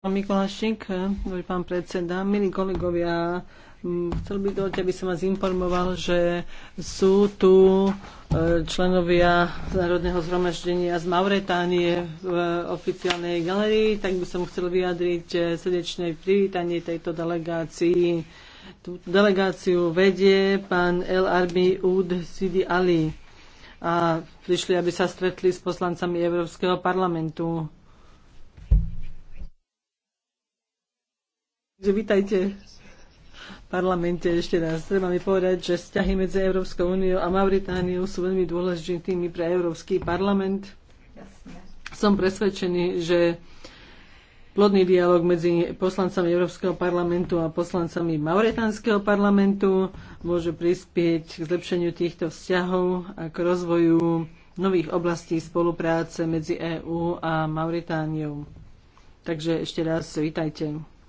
Pán Mikulášik, pán predseda, milí kolegovia, chcel by dovolte, aby som vás informoval, že sú tu e, členovia Národného zhromaždenia z Mauretánie v oficiálnej galerii, tak by som chcel vyjadriť e, srdečné privítanie tejto delegácii. Tú delegáciu vedie pán El Arbi Ud Sidi Ali a prišli, aby sa stretli s poslancami Európskeho parlamentu Vítajte v parlamente ešte raz. Treba mi povedať, že vzťahy medzi Európskou úniou a Mauritániou sú veľmi dôležitými pre Európsky parlament. Jasne. Som presvedčený, že plodný dialog medzi poslancami Európskeho parlamentu a poslancami Mauretánskeho parlamentu môže prispieť k zlepšeniu týchto vzťahov a k rozvoju nových oblastí spolupráce medzi EÚ a Mauritániou. Takže ešte raz vítajte.